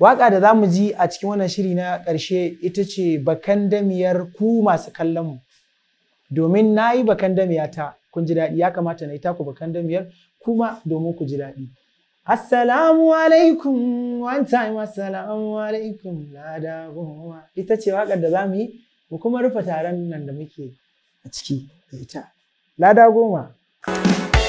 Waka da za mu ji a cikin wannan shiri na ƙarshe ita ce bakan damiyar ku masu kallon mu. Domin na yi damiya ta kun ji daɗi ya kamata na yi taku ku kuma domin ku ji daɗi. Assalamu alaikum, one time assalamu alaikum, lada goma. Ita ce wakar da zamu yi, mu kuma rufe taron nan da muke a ciki da ita. Lada goma.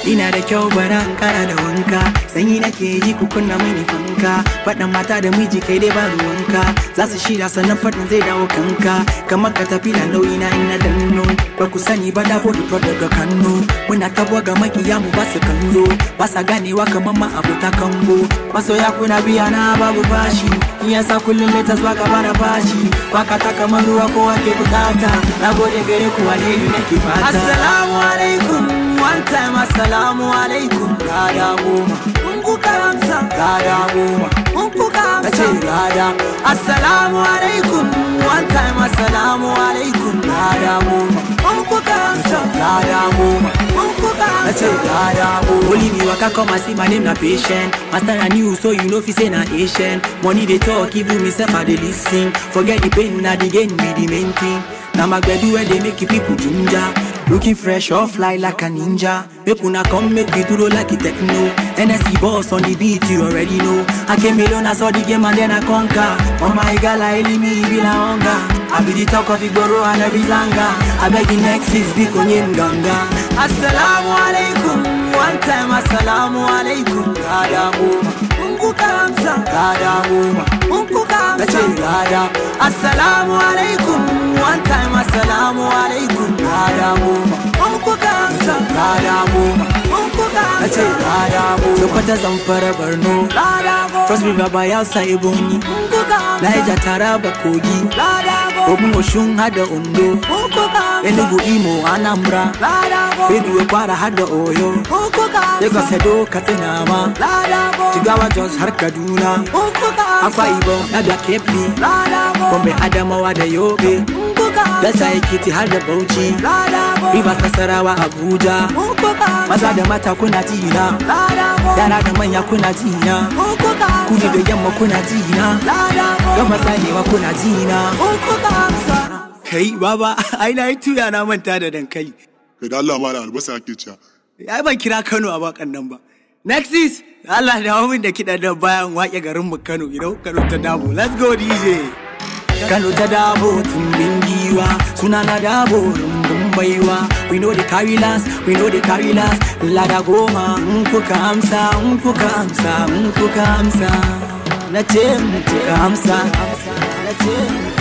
ina da kyau bara kana da wanka sanyi nake yi ku kunna mini fanka faɗan mata da miji kai dai ba ruwanka za su shira sannan faɗin zai dawo kanka kamar ka tafi na nauyi na ina danno ba ku sani ba da fodi daga kanno muna tabuwa ga makiya mu ba su kallo ba sa ganewa kamar ma abota kango masoya kuna biya na babu bashi in yasa kullum latas ba ka bana bashi kwaka ta kamar ruwa ko wake bukata na gode gare ku alheri nake fata assalamu alaikum one time assalamu alaikum gada goma mungu karamsa gada goma mungu karamsa ce gada assalamu alaikum one time assalamu alaikum gada goma mungu karamsa gada goma only me waka come and see my name na patient master na new so you know fi say na asian money they talk even myself i dey lis ten forget the pain na the gain be the main thing na my gbedu wey dey make you people ginger Looking fresh or fly like a ninja. Make una come make it do like a techno. NSC boss on the beat, you already know. I came alone, I saw the game and then I conquer. Oh my god, I leave me, feel a hunger. I be the talk of Igboro and every zanga. I beg the next is big on Ganga. Assalamu alaikum. one time assalamu alaikum ka damu mun kuka amsa ka damu mun kuka amsa ka damu assalamu alaikum one time assalamu alaikum ka damu mun kuka amsa ka damu mun kuka amsa ce ka damu sokoto zamfara borno cross river bayelsa ebonyi naija taraba kogi ogun Oshun, hada ondo enugu imo anambra Bidiyo kwara har da Oyo Lagos Edo Katsina ma Jigawa Jos har Kaduna Akwa Ibo na da Kebbi Gombe Adamawa da Yobe Dasa Ekiti har da Bauchi Rivers sarawa Abuja Maza da mata kuna tina Yara da manya kuna tina Kudu da yamma kuna jina Gama sanewa kuna tina Kai baba, aina yi tuya na manta da dankali. kai da Allah da albasa ake cewa ai ban kira Kano a bakan nan ba next is Allah da min da kiɗa da bayan waƙe garin mu Kano you know Kano ta dabo let's go DJ Kano ta dabo bin giwa suna na dabo rumbun baiwa we know the carry last we know the carry last lada goma in kuka amsa in kuka amsa in kuka amsa na ce in kuka amsa na ce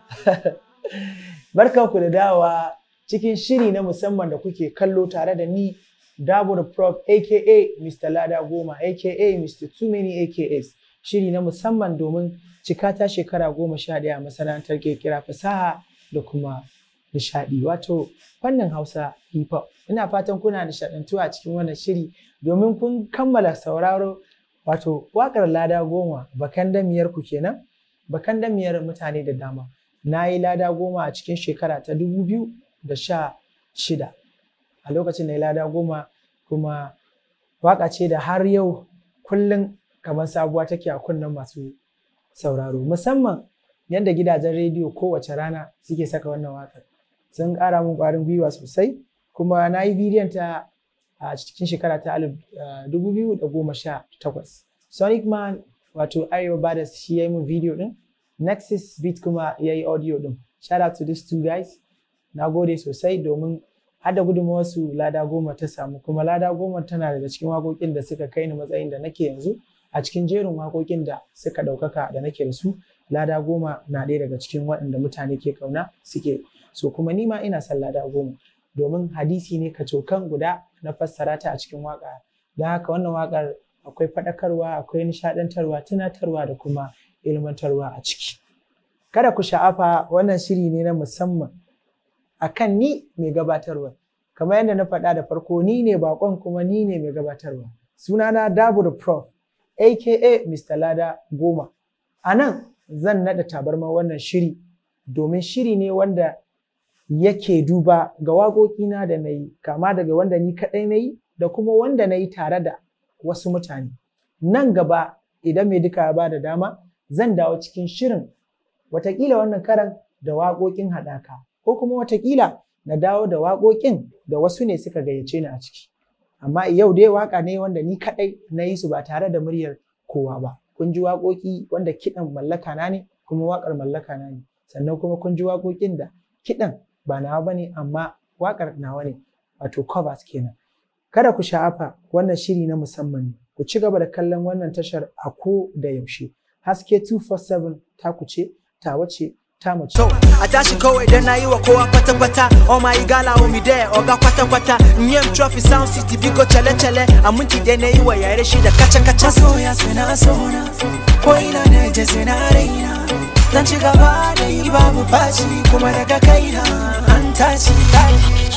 ku da dawa cikin shiri na musamman da kuke kallo tare da ni Dabo da Prof aka Mr. Lada Goma aka Mr. Too Many AKS shiri na musamman domin cika ta shekara goma sha ɗaya masana'antar kirkira fasaha da kuma nishaɗi wato fannin Hausa hip hop. Ina fatan kuna nishaɗantu a cikin wannan shiri domin kun kammala sauraro wato waƙar Lada Goma bakan damiyar ku kenan bakan damiyar mutane da dama. na yi lada goma a cikin shekara ta dubu biyu da sha shida a lokacin na yi lada goma kuma waka ce da har yau kullum kamar sabuwa take a kunnen masu sauraro musamman yadda gidajen rediyo kowace rana suke saka wannan wakar sun ƙara mun ƙwarin gwiwa sosai kuma na yi bidiyon ta a cikin shekara ta takwas. sonic man wato arewa bada shi ya yi min bidiyo din Nexus beat kuma ya yi audio din shout out to these two guys na gode sosai domin hada gudunmawar su lada goma ta samu kuma lada goma tana daga cikin wakokin da suka kai ni matsayin da nake yanzu a cikin jerin waƙoƙin da suka ɗaukaka da nake da su lada goma na ɗaya daga cikin waɗanda mutane ke kauna suke so kuma ni ma ina son lada goma domin hadisi ne kacokan guda na fassara ta a cikin waƙa don haka wannan waƙar akwai faɗakarwa akwai nishaɗantarwa tunatarwa da kuma ilmantarwa a ciki. Kada ku sha'afa wannan shiri ne na musamman A kan ni mai gabatarwa. Kamar yadda na faɗa da farko ni ne bakon kuma ni ne mai gabatarwa. Sunana Dabur Prof, aka Mr. Lada Goma. A nan zan naɗa tabarma wannan shiri domin shiri ne wanda yake duba ga waƙoƙina da na yi, kama daga wanda ni kaɗai na yi da kuma wanda na yi tare da wasu mutane. Nan gaba idan mai duka ba da dama zan dawo cikin shirin watakila wannan karan da waƙoƙin haɗaka ko kuma watakila na dawo da waƙoƙin da wasu ne suka gayyace ni a ciki amma yau dai waƙa ne wanda ni kaɗai na yi su ba tare da muryar kowa ba kun ji waƙoƙi wanda kiɗan mallaka na ne kuma waƙar mallaka na ne sannan kuma kun ji waƙoƙin da kiɗan ba nawa ba ne amma waƙar nawa ne wato covers kenan kada ku sha'afa wannan shiri na musamman ne ku ci gaba da kallon wannan tashar a ko da yaushe haske 247 ta kuce ta wace ta mace. To, a tashi kawai dan na yi wa kowa kwata-kwata, o ma gala o oga kwata-kwata, Niyam Trophy Sound City biko chale-chale, a dai na yi wa yare shi da kaca-kaca. ya suna sona, ko ina na je suna raina, zan ci gaba da yi babu baci kuma daga kaina an tashi tashi.